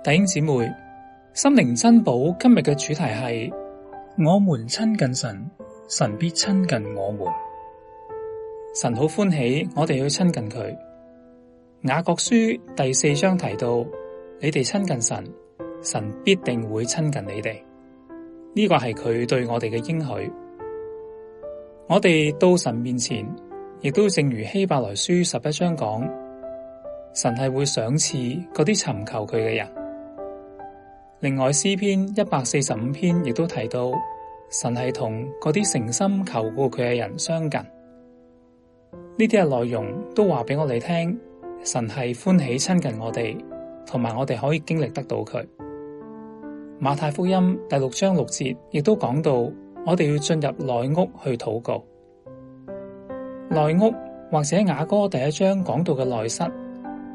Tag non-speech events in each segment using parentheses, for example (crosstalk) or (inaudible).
弟兄姊妹，心靈珍寶今日嘅主題係：我們親近神，神必親近我們。神好歡喜，我哋去親近佢。雅各書第四章提到，你哋親近神，神必定會親近你哋。呢個係佢對我哋嘅應許。我哋到神面前，亦都正如希伯來書十一章講，神係會賞賜嗰啲尋求佢嘅人。另外詩篇一百四十五篇亦都提到，神係同嗰啲誠心求告佢嘅人相近。呢啲嘅內容都話畀我哋聽，神係歡喜親近我哋，同埋我哋可以經歷得到佢。馬太福音第六章六節亦都講到，我哋要進入內屋去禱告。內屋或者雅歌第一章講到嘅內室，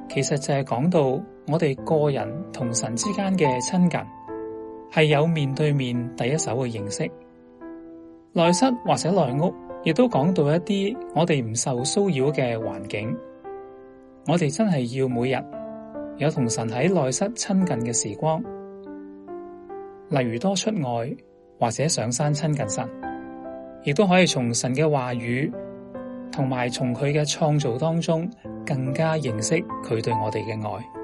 其實就係講到。我哋個人同神之間嘅親近係有面對面第一手嘅認識，內室或者內屋亦都講到一啲我哋唔受騷擾嘅環境。我哋真係要每日有同神喺內室親近嘅時光，例如多出外或者上山親近神，亦都可以從神嘅話語同埋從佢嘅創造當中更加認識佢對我哋嘅愛。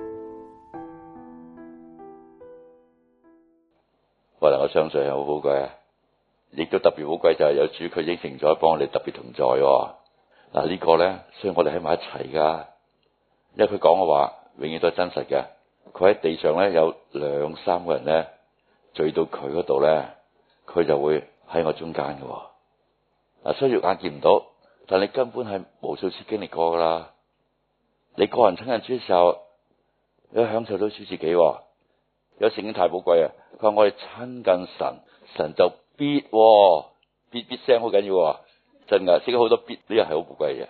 我哋我相信係好好貴亦都特別好貴，就係、是、有主佢應承咗幫我哋特別同在。嗱、這個、呢個咧，所以我哋喺埋一齊噶，因為佢講嘅話永遠都係真實嘅。佢喺地上咧有兩三個人咧聚到佢嗰度咧，佢就會喺我中間嘅。嗱，雖然眼見唔到，但你根本係無數次經歷過噶啦。你個人親近主嘅時候，你都享受到主自己。有聖經太寶貴啊！佢話我哋親近神，神就必、哦、必必聲好緊要，真噶！而咗好多必呢個係好寶貴嘅，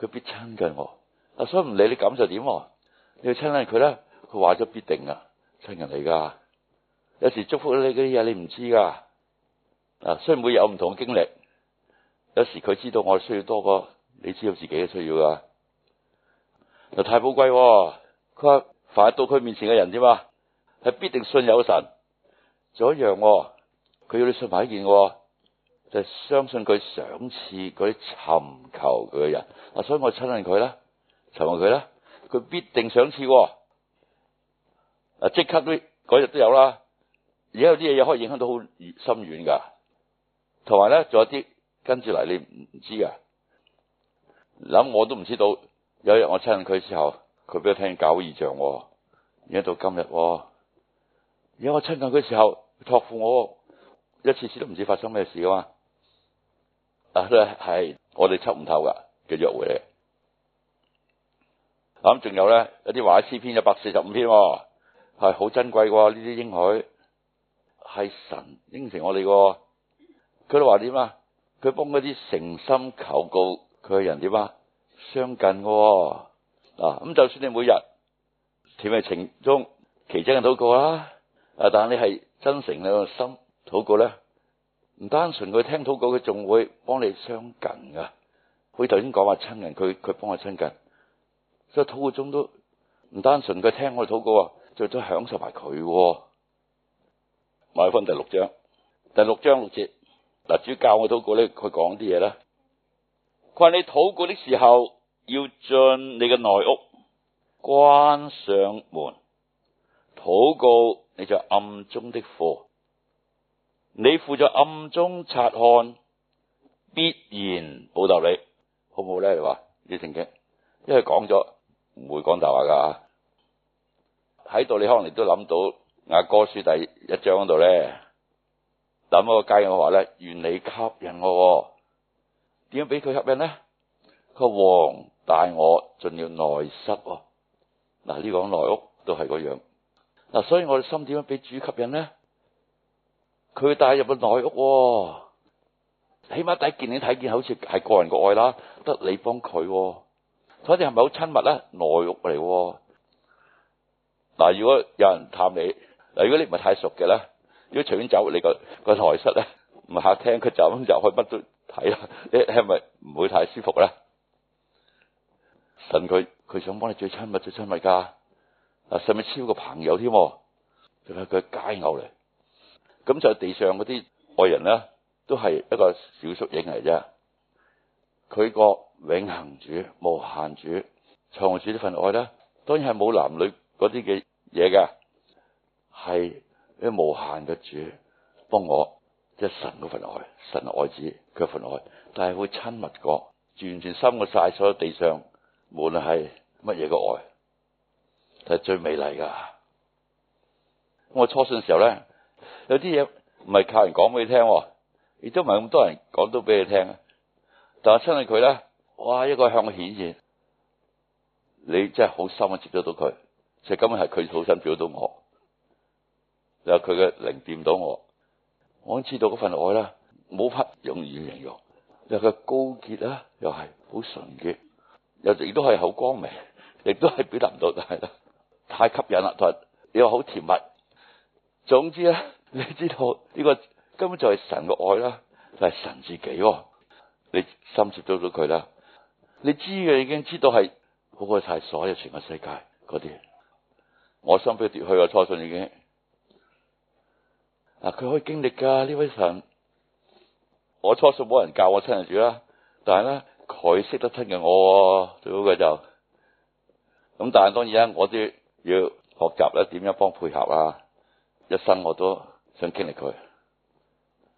佢必親近我啊！所以唔理你感受點，你要親近佢咧，佢話咗必定噶，親人嚟噶。有時祝福你嗰啲嘢，你唔知噶，啊！雖然每日有唔同嘅經歷，有時佢知道我哋需要多過你知道自己嘅需要噶，就太寶貴、哦。佢話凡係到佢面前嘅人添嘛。係必定信有神。仲有一樣，佢要你信埋一件，就係、是、相信佢賞賜嗰啲尋求佢嘅人。啊，所以我親近佢啦，詢問佢啦，佢必定賞賜。啊，即刻都嗰日都有啦。而家有啲嘢又可以影響到好深遠噶。同埋咧，仲有啲跟住嚟，你唔知噶。諗我都唔知道，有一日我親近佢之後，佢俾我聽見個異象。而家到今日，喎。而我親近佢時候，托付我一次次都唔知發生咩事噶嘛？啊，係我哋測唔透噶嘅約會嚟。咁仲有咧，有啲詩篇一百四十五篇，係好珍貴噶。呢啲應許係神應承我哋個。佢哋話點啊？佢幫嗰啲誠心求告佢嘅人點啊？相近噶。嗱，咁就算你每日甜蜜情中，其中，奇蹟都到過啦。啊！但係你係真誠嘅心禱告咧，唔單純佢聽禱告，佢仲會幫你相近噶。佢頭先講話親人，佢佢幫我親近，所以禱告中都唔單純佢聽我哋禱告啊，仲都享受埋佢。埋翻，第六章第六章六節嗱，主教我禱告咧，佢講啲嘢咧，佢話，你禱告的時候要進你嘅內屋，關上門禱告。你就暗中的父，你父在暗中察看，必然報答你，好唔好咧？你話你情景，因為講咗唔會講大話噶吓，喺度你可能亦都諗到雅歌書第一章嗰度咧，諗嗰個佳偶話咧，願你吸引我，點樣俾佢吸引咧？個王帶我進了內室，嗱呢個內屋都係嗰樣。嗱、哦哦，所以我哋心點樣俾主吸引咧？佢帶入個內屋，起碼第一件你睇見好似係個人嘅愛啦，得你幫佢，睇下啲係咪好親密咧？內屋嚟，嗱，如果有人探你嗱，如果你唔係太熟嘅咧，如果隨便走入你，嗰個個內室咧，唔係客廳，佢就咁就去，乜都睇啦，係咪唔會太舒服咧？神佢佢想幫你最親密，最親密，最親密噶。啊，甚至超過朋友添，佢係佢解牛嚟，咁就地上嗰啲愛人咧，都係一個小縮影嚟啫。佢個永恒主，無限主，創造主呢份愛咧，當然係冇男女嗰啲嘅嘢嘅，係啲無限嘅主幫我，即係神嗰份愛，神愛子佢份愛，但係會親密過，完全深過晒所有地上無論係乜嘢嘅愛。係最美麗噶。我初信嘅時候咧，有啲嘢唔係靠人講俾你聽，亦都唔係咁多人講到俾你聽。但係親近佢咧，哇！一個向我顯現，你真係好深啊！接觸到佢，就根本係佢好心表到我，又佢嘅靈掂到我。我知道嗰份愛啦，冇法容易形容。又佢高潔啦，又係好純潔，又亦都係好光明，亦都係表達唔到，但係太吸引啦，同埋又好甜蜜。總之咧，你知道呢、這個根本就係神嘅愛啦，就係神自己、哦。你深接觸咗佢啦，你知嘅已經知道係好過晒所有全個世界嗰啲。我心俾奪去啊！初信已經嗱，佢可以經歷噶呢位神。我初信冇人教我親人住親近主啦，但係咧佢識得親近我最好嘅就咁。但係當然啦，我啲。要學習咧，點樣幫配合啦，啊？一生我都想經歷佢，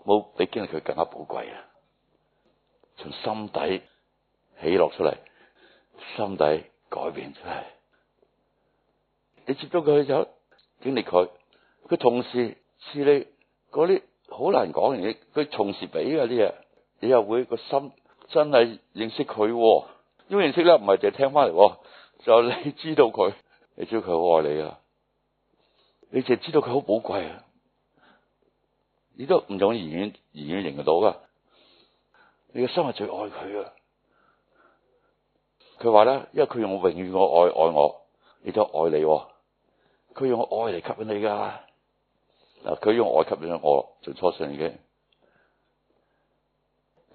冇比經歷佢更加寶貴啊！從心底起落出嚟，心底改變出嚟。你接到佢就經歷佢，佢同時似你嗰啲好難講嘅嘢，佢同時俾嘅啲嘢，你又會個心真係認識佢，啊。因為認識咧，唔係淨係聽翻嚟，就你知道佢。你知道佢好愛你啊？你淨係知道佢好寶貴啊？你都唔容易遠遠遠認得到噶。你嘅心係最愛佢啊！佢話咧，因為佢用我永遠嘅愛愛我，你都愛你。佢用愛嚟吸引你噶。嗱，佢用愛吸引咗我，最初信嘅。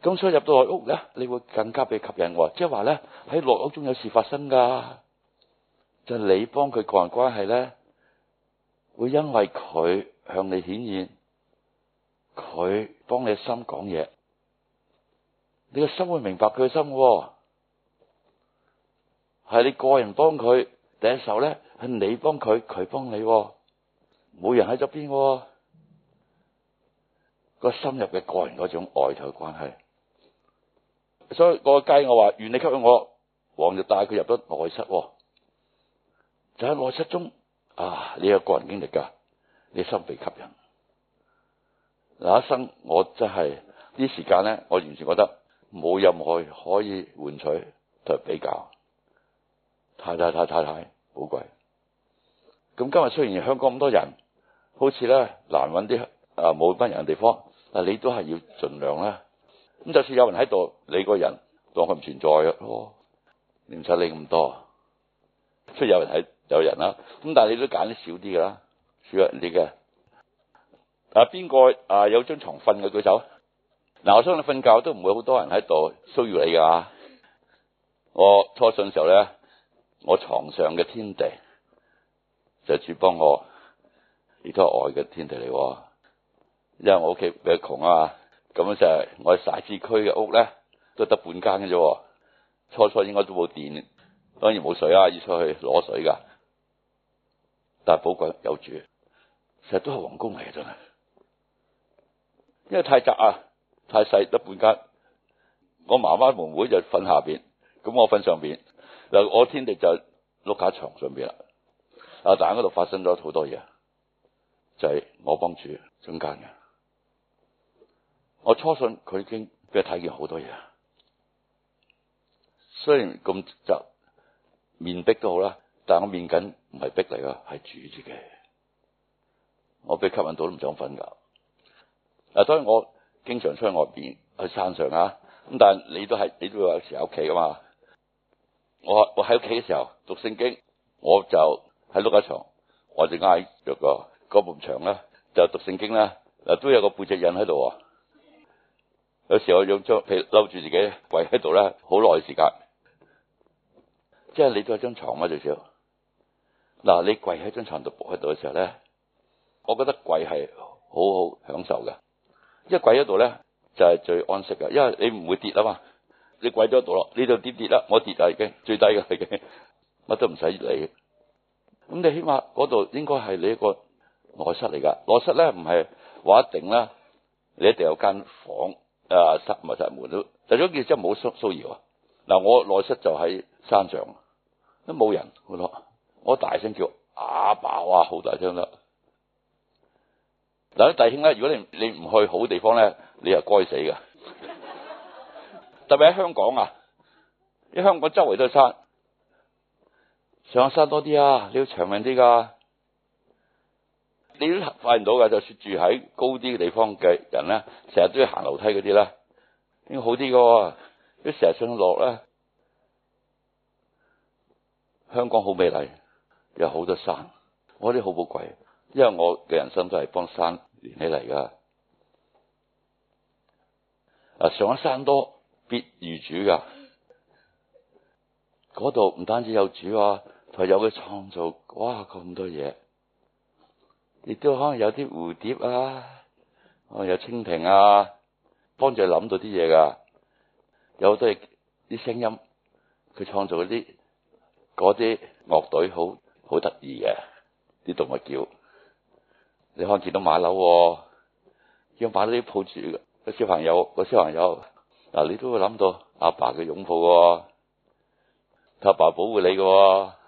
咁所以入到內屋咧，你會更加被吸引。我，即係話咧，喺內屋中有事發生噶。你幫佢個人關係咧，會因為佢向你顯現，佢幫你心講嘢，你嘅心會明白佢嘅心。係你個人幫佢第一手咧，係你幫佢，佢幫你，冇人喺側邊，那個深入嘅個人嗰種外頭關係。所以個雞我話，願你吸引我，王就帶佢入咗內室。喺我失蹤啊，你有個人經歷㗎，你心被吸引。嗱，一生我真係呢時間咧，我完全覺得冇任何可以換取同比較，太太太太太寶貴。咁今日雖然香港咁多人，好似咧難揾啲啊冇班人嘅地方，嗱，你都係要盡量啦。咁就算有人喺度，你個人當佢唔存在咯、哦，你唔使理咁多。即係有人喺。有人啦、啊，咁但係你都揀少啲噶啦，少人啲嘅。啊，邊個啊有張床瞓嘅舉手？嗱、啊，我相信你瞓覺都唔會好多人喺度騷擾你噶、啊。我初信嘅時候咧，我床上嘅天地就住幫我都係外嘅天地嚟、啊。因為我屋企比較窮啊，咁就係我喺徙置區嘅屋咧，都得半間嘅啫。初初應該都冇電，當然冇水啊，要出去攞水噶。但係寶貴有主，其實都係皇宮嚟嘅，真係，因為太窄啊，太細得半間。我媽媽妹妹就瞓下邊，咁我瞓上邊。嗱，我天地就碌架床上邊啦。啊，但係嗰度發生咗好多嘢，就係、是、我幫主中間嘅。我初信佢已經俾佢睇見好多嘢，雖然咁窄，面壁都好啦。但我面緊唔係逼嚟噶，係住住嘅。我被吸引到都唔想瞓覺。嗱，所以我經常出去外邊去山上啊。咁但係你都係，你都有時喺屋企噶嘛。我我喺屋企嘅時候讀聖經，我就喺碌架床，我就挨着個嗰埲牆啦，就讀聖經啦。都有個背脊印喺度。有時我用張，被嬲住自己，跪喺度咧，好耐時間。即係你都係張床嘛，最少。嗱、啊，你跪喺張床度，伏喺度嘅時候咧，我覺得跪係好好享受嘅，一跪喺度咧就係最安息嘅，因為你唔會跌啊嘛。你跪咗度咯，呢度跌跌啦，我跌啊，已經最低嘅，已經乜都唔使理。咁你起碼嗰度應該係你一個內室嚟㗎。內室咧唔係話一定啦，你一定有間房室、啊、塞密塞門都。但係嗰件真係冇騷騷擾啊。嗱、啊，我內室就喺山上，都冇人好多。我大聲叫阿爸，哇、啊，好、啊、大聲得！嗱、啲弟兄咧，如果你你唔去好地方咧，你又該死嘅。 (laughs) 特別喺香港啊，啲香港周圍都係山，上山多啲啊，你要長命啲噶。你都發現到噶，就算、是、住喺高啲嘅地方嘅人咧，成日都要行樓梯嗰啲咧，應該好啲噶、啊。你成日上落咧，香港好美麗。有好多山，我啲好寶貴，因為我嘅人生都係幫山連起嚟噶。啊，上咗山多必如主必遇主噶，嗰度唔單止有主啊，仲有佢創造，哇咁多嘢，亦都可能有啲蝴蝶啊，哦有蜻蜓啊，幫住諗到啲嘢噶，有好多嘢啲聲音，佢創造啲嗰啲樂隊好。好得意嘅啲動物叫，你可以見到馬騮，見馬騮啲抱住個小朋友，個小朋友嗱，你都會諗到阿爸嘅擁抱喎，阿爸保護你嘅喎。